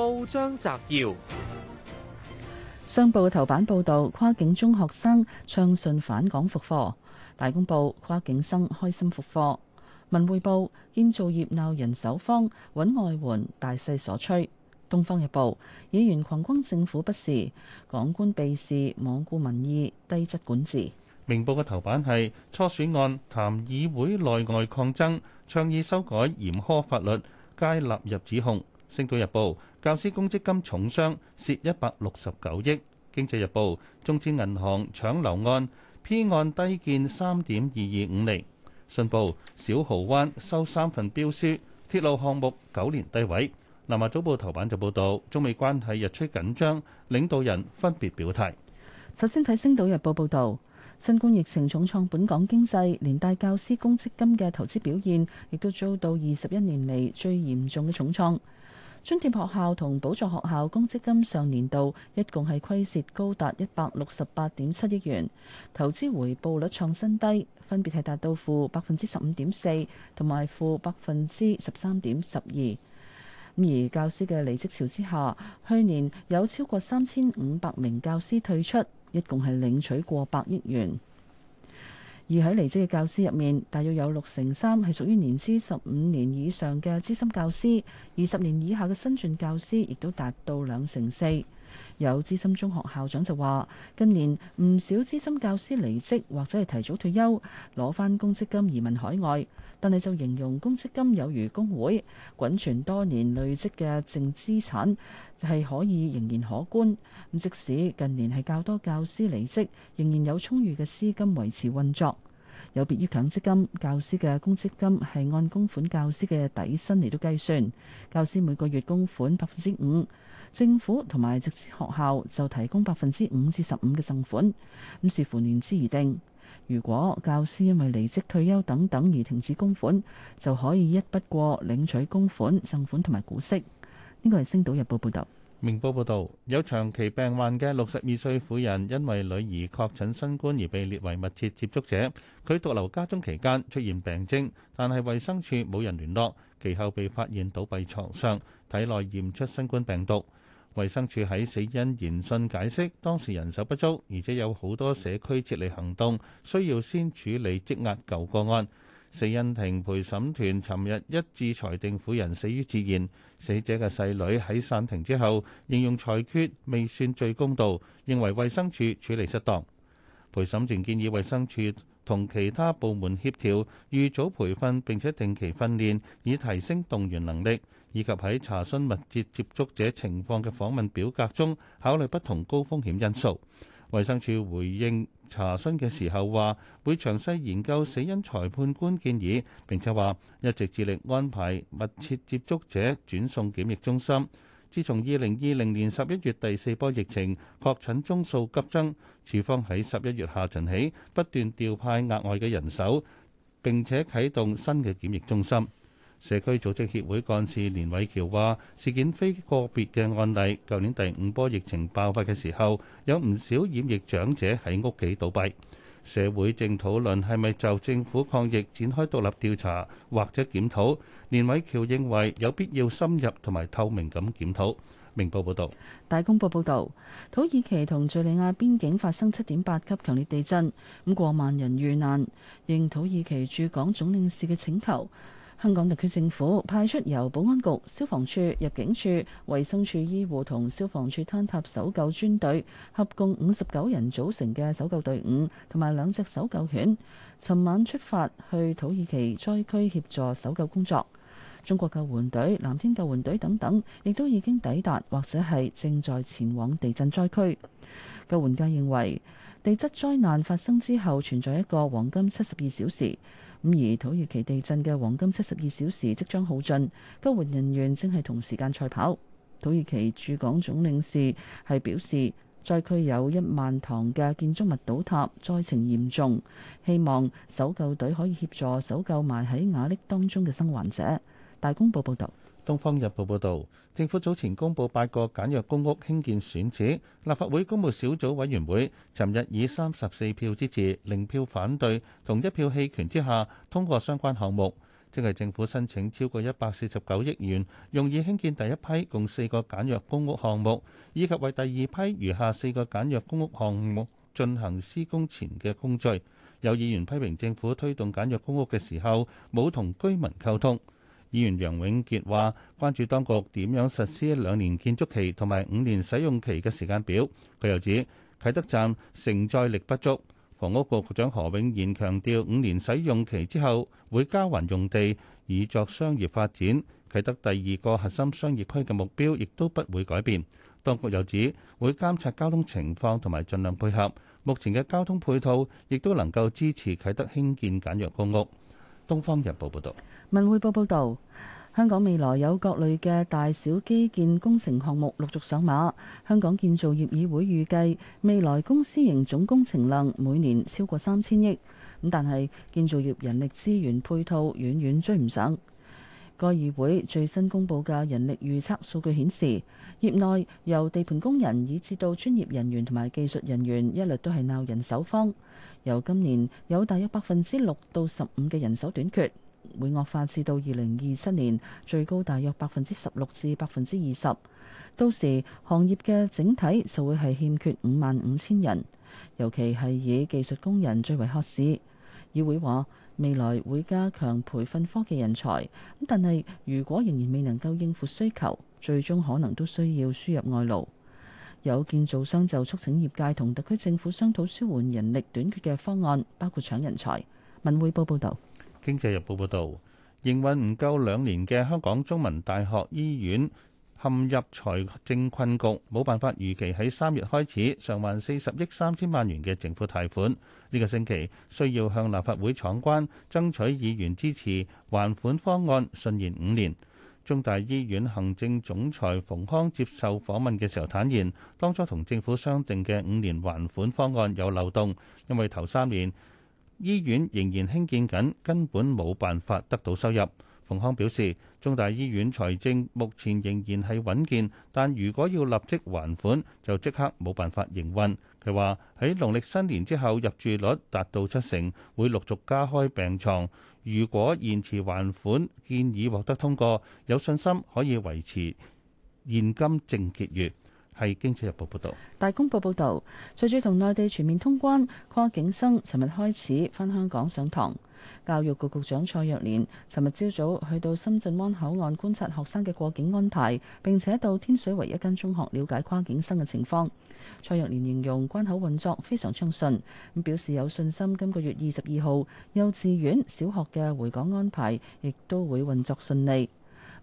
報章摘要：商報嘅頭版報道，跨境中學生暢順返港復課。大公報跨境生開心復課。文匯報建造業鬧人手荒，揾外援大勢所趨。東方日報議員狂轟政府不是，港官避事罔顧民意，低質管治。明報嘅頭版係初選案，談議會內外抗爭，倡議修改嚴苛法律，皆納入指控。《星島日報》教師公積金重傷蝕一百六十九億，《經濟日報》中資銀行搶樓案 P 案低見三點二二五厘，《信報》小蠔灣收三份標書，鐵路項目九年低位，《南華早報》頭版就報導中美關係日趨緊張，領導人分別表態。首先睇《星島日報》報導，新冠疫情重創本港經濟，連帶教師公積金嘅投資表現，亦都遭到二十一年嚟最嚴重嘅重創。津貼學校同補助學校公積金上年度一共係虧蝕高達一百六十八點七億元，投資回報率創新低，分別係達到負百分之十五點四同埋負百分之十三點十二。咁而教師嘅離職潮之下，去年有超過三千五百名教師退出，一共係領取過百億元。而喺離職嘅教師入面，大約有六成三係屬於年資十五年以上嘅資深教師，二十年以下嘅新晉教師亦都達到兩成四。有資深中學校長就話：近年唔少資深教師離職或者係提早退休，攞翻公積金移民海外。但係就形容公積金有如公會，滾存多年累積嘅淨資產係可以仍然可觀。咁即使近年係較多教師離職，仍然有充裕嘅資金維持運作。有別於強積金，教師嘅公積金係按公款教師嘅底薪嚟到計算，教師每個月供款百分之五。政府同埋直資學校就提供百分之五至十五嘅贈款，咁視乎年資而定。如果教師因為離職、退休等等而停止供款，就可以一筆過領取供款、贈款同埋股息。呢個係《星島日報》報道。《明報》報道，有長期病患嘅六十二歲婦人，因為女兒確診新冠而被列為密切接觸者。佢獨留家中期間出現病徵，但係衞生署冇人聯絡。其後被發現倒斃床上，體內驗出新冠病毒。衛生署喺死因研訊解釋，當時人手不足，而且有好多社區撤離行動，需要先處理積壓舊個案。死因庭陪審團尋日一致裁定婦人死於自然。死者嘅細女喺散庭之後形容裁決未算最公道，認為衛生署處，處理失當。陪審團建議衛生署同其他部門協調，預早培訓並且定期訓練，以提升動員能力，以及喺查詢密切接觸者情況嘅訪問表格中考慮不同高風險因素。衛生署回應查詢嘅時候話，會詳細研究死因裁判官建議，並且話一直致力安排密切接觸者轉送檢疫中心。自從二零二零年十一月第四波疫情確診宗數急增，署方喺十一月下旬起不斷調派額外嘅人手，並且啟動新嘅檢疫中心。社區組織協會幹事連偉橋話：事件非個別嘅案例。舊年第五波疫情爆發嘅時候，有唔少染疫長者喺屋企倒斃。社會正討論係咪就政府抗疫展開獨立調查或者檢討？連偉橋認為有必要深入同埋透明咁檢討。明報報道，大公報報道，土耳其同敘利亞邊境發生七點八級強烈地震，咁過萬人遇難。應土耳其駐港總領事嘅請求，香港特區政府派出由保安局、消防處、入境處、衛生處醫護同消防處坍塌搜救專隊，合共五十九人組成嘅搜救隊伍，同埋兩隻搜救犬，尋晚出發去土耳其災區協助搜救工作。中國救援隊、藍天救援隊等等，亦都已經抵達或者係正在前往地震災區。救援界認為，地質災難發生之後存在一個黃金七十二小時。咁而土耳其地震嘅黃金七十二小時即將耗盡，救援人員正係同時間賽跑。土耳其駐港總領事係表示，災區有一萬幢嘅建築物倒塌，災情嚴重，希望搜救隊可以協助搜救埋喺瓦礫當中嘅生還者。大公報報道。《東方日報》報導，政府早前公布八個簡約公屋興建選址，立法會公務小組委員會尋日以三十四票支持、零票反對同一票棄權之下通過相關項目，即係政府申請超過一百四十九億元用以興建第一批共四個簡約公屋項目，以及為第二批餘下四個簡約公屋項目進行施工前嘅工序。有議員批評政府推動簡約公屋嘅時候冇同居民溝通。議員楊永傑話：關注當局點樣實施兩年建築期同埋五年使用期嘅時間表。佢又指啟德站承載力不足。房屋局局長何永賢強調，五年使用期之後會交還用地以作商業發展。啟德第二個核心商業區嘅目標亦都不會改變。當局又指會監察交通情況同埋盡量配合。目前嘅交通配套亦都能夠支持啟德興建簡約公屋。《東方日報》報道，《文匯報》報道，香港未來有各類嘅大小基建工程項目陸續上馬，香港建造業議會預計未來公私營總工程量每年超過三千億，咁但係建造業人力資源配套遠遠追唔上。該議會最新公佈嘅人力預測數據顯示，業內由地盤工人以至到專業人員同埋技術人員，一律都係鬧人手荒。由今年有大約百分之六到十五嘅人手短缺，會惡化至到二零二七年，最高大約百分之十六至百分之二十。到時行業嘅整體就會係欠缺五萬五千人，尤其係以技術工人最為渴市。議會話：未來會加強培訓科技人才，但係如果仍然未能夠應付需求，最終可能都需要輸入外勞。有建造商就促請業界同特區政府商討舒緩人力短缺嘅方案，包括搶人才。文匯報報導。《經濟日報》報導，營運唔夠兩年嘅香港中文大學醫院，陷入財政困局，冇辦法如期喺三月開始償還四十億三千萬元嘅政府貸款。呢、這個星期需要向立法會闖關，爭取議員支持還款方案順延五年。中大醫院行政總裁馮康接受訪問嘅時候坦言，當初同政府商定嘅五年還款方案有漏洞，因為頭三年醫院仍然興建緊，根本冇辦法得到收入。馮康表示，中大醫院財政目前仍然係穩健，但如果要立即還款，就即刻冇辦法營運。佢話喺農曆新年之後入住率達到七成，會陸續加開病床。如果延遲還款，建議獲得通過，有信心可以維持現金淨結餘。係《經濟日報》報道，大公報報道，隨住同內地全面通關，跨境生尋日開始翻香港上堂。教育局局長蔡若蓮尋日朝早去到深圳灣口岸觀察學生嘅過境安排，並且到天水圍一間中學了解跨境生嘅情況。蔡若蓮形容關口運作非常暢順，咁表示有信心今個月二十二號幼稚園、小學嘅回港安排亦都會運作順利。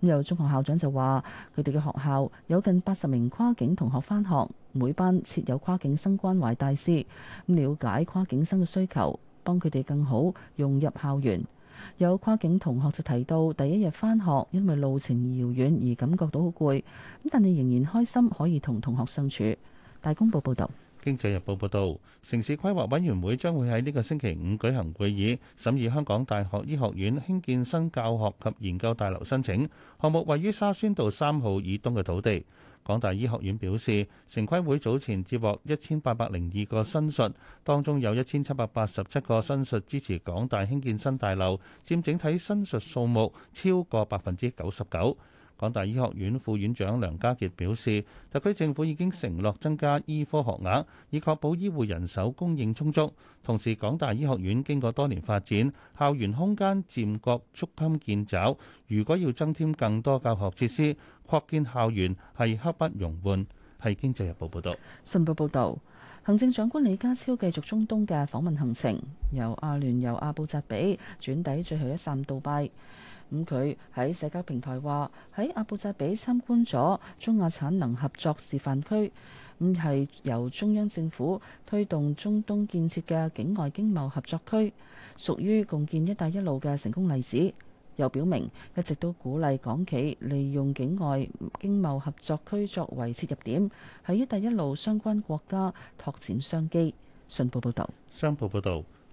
咁有中學校長就話，佢哋嘅學校有近八十名跨境同學返學，每班設有跨境生關懷大使，咁了解跨境生嘅需求。幫佢哋更好融入校園。有跨境同學就提到，第一日返學因為路程遙遠而感覺到好攰，咁但係仍然開心可以同同學相處。大公報報道。經濟日報報導，城市規劃委員會將會喺呢個星期五舉行會議，審議香港大學醫學院興建新教學及研究大樓申請。項目位於沙宣道三號以東嘅土地。港大醫學院表示，城規會早前接獲一千八百零二個申述，當中有一千七百八十七個申述支持港大興建新大樓，佔整體申述數目超過百分之九十九。港大醫學院副院長梁家傑表示，特區政府已經承諾增加醫科學額，以確保醫護人手供應充足。同時，港大醫學院經過多年發展，校園空間漸覺捉襟見肘。如果要增添更多教學設施，擴建校園係刻不容緩，係經濟日報報道。信報報道，行政長官李家超繼續中東嘅訪問行程，由阿聯由阿布扎比轉抵最後一站杜拜。咁佢喺社交平台話，喺阿布扎比參觀咗中亞產能合作示範區，咁係由中央政府推動中東建設嘅境外經貿合作區，屬於共建一帶一路嘅成功例子。又表明一直都鼓勵港企利用境外經貿合作區作為切入點，喺一帶一路相關國家拓展商機，信報報道。商報報導。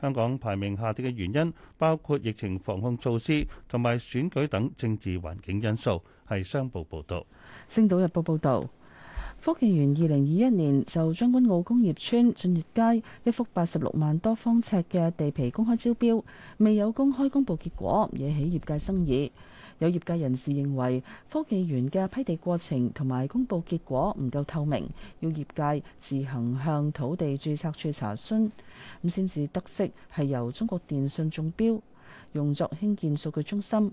香港排名下跌嘅原因包括疫情防控措施同埋選舉等政治環境因素。係商報報道。星島日報報道，科技園二零二一年就將軍澳工業村進業街一幅八十六萬多方尺嘅地皮公開招標，未有公開公布結果，惹起業界爭議。有業界人士認為科技園嘅批地過程同埋公佈結果唔夠透明，要業界自行向土地註冊處查詢，咁先至得悉係由中國電信中標，用作興建數據中心。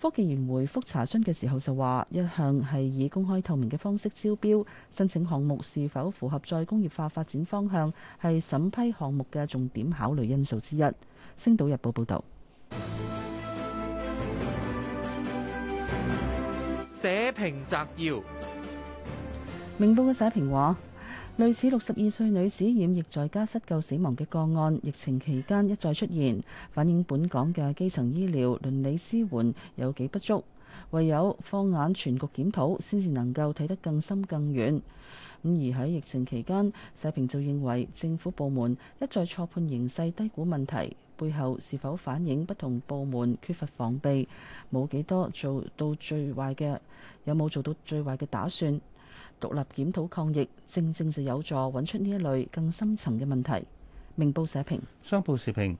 科技園回覆查詢嘅時候就話，一向係以公開透明嘅方式招標，申請項目是否符合再工業化發展方向係審批項目嘅重點考慮因素之一。星島日報報導。社評摘要：明報嘅社評話，類似六十二歲女子染疫在家失救死亡嘅個案，疫情期間一再出現，反映本港嘅基層醫療、倫理支援有幾不足，唯有放眼全局檢討，先至能夠睇得更深更遠。咁而喺疫情期間，社評就認為政府部門一再錯判形勢，低估問題。背後是否反映不同部門缺乏防備？冇幾多做到最壞嘅？有冇做到最壞嘅打算？獨立檢討抗疫，正正就有助揾出呢一類更深層嘅問題。明報社評，商報時評。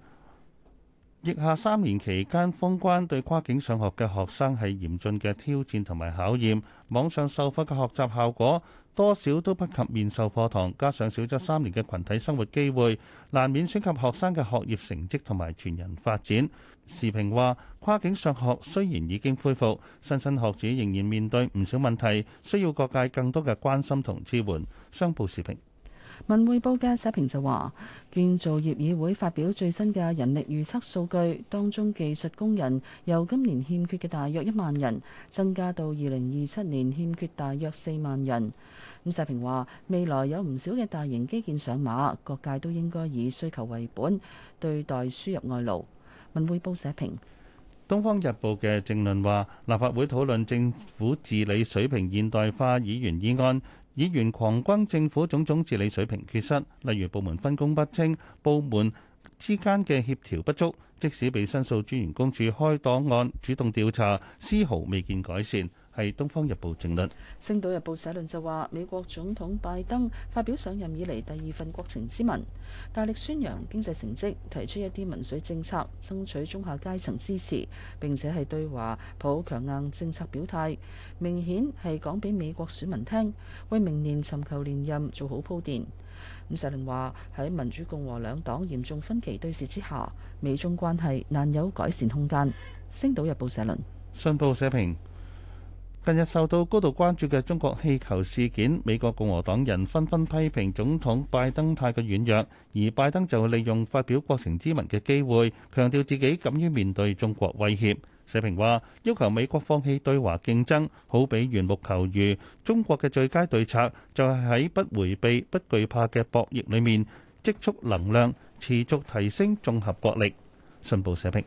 疫下三年期間封關，對跨境上學嘅學生係嚴峻嘅挑戰同埋考驗。網上授課嘅學習效果多少都不及面授課堂，加上少咗三年嘅群體生活機會，難免涉及學生嘅學業成績同埋全人發展。時評話，跨境上學雖然已經恢復，新生學子仍然面對唔少問題，需要各界更多嘅關心同支援。商報時評。文匯報嘅社評就話：建造業議會發表最新嘅人力預測數據，當中技術工人由今年欠缺嘅大約一萬人，增加到二零二七年欠缺大約四萬人。咁社評話：未來有唔少嘅大型基建上馬，各界都應該以需求為本，對待輸入外勞。文匯報社評。《東方日報》嘅正論話：立法會討論政府治理水平現代化議員議案。議員狂轟政府種種治理水平缺失，例如部門分工不清、部門之間嘅協調不足，即使被申訴專員公署開檔案，主動調查，絲毫未見改善。係《東方日報》正論，《星島日報》社論就話：美國總統拜登發表上任以嚟第二份國情之文，大力宣揚經濟成績，提出一啲民粹政策，爭取中下階層支持。並且係對華抱強硬政策表態，明顯係講俾美國選民聽，為明年尋求連任做好鋪墊。咁社論話喺民主共和兩黨嚴重分歧對峙之下，美中關係難有改善空間。《星島日報》社論。信報社評。近日受到高度關注嘅中國氣球事件，美國共和黨人紛紛批評總統拜登太過軟弱，而拜登就利用發表國情咨文嘅機會，強調自己敢於面對中國威脅。社評話：要求美國放棄對華競爭，好比緣木求魚。中國嘅最佳對策就係喺不迴避、不懼怕嘅博弈裏面積蓄能量，持續提升綜合國力。信報社評。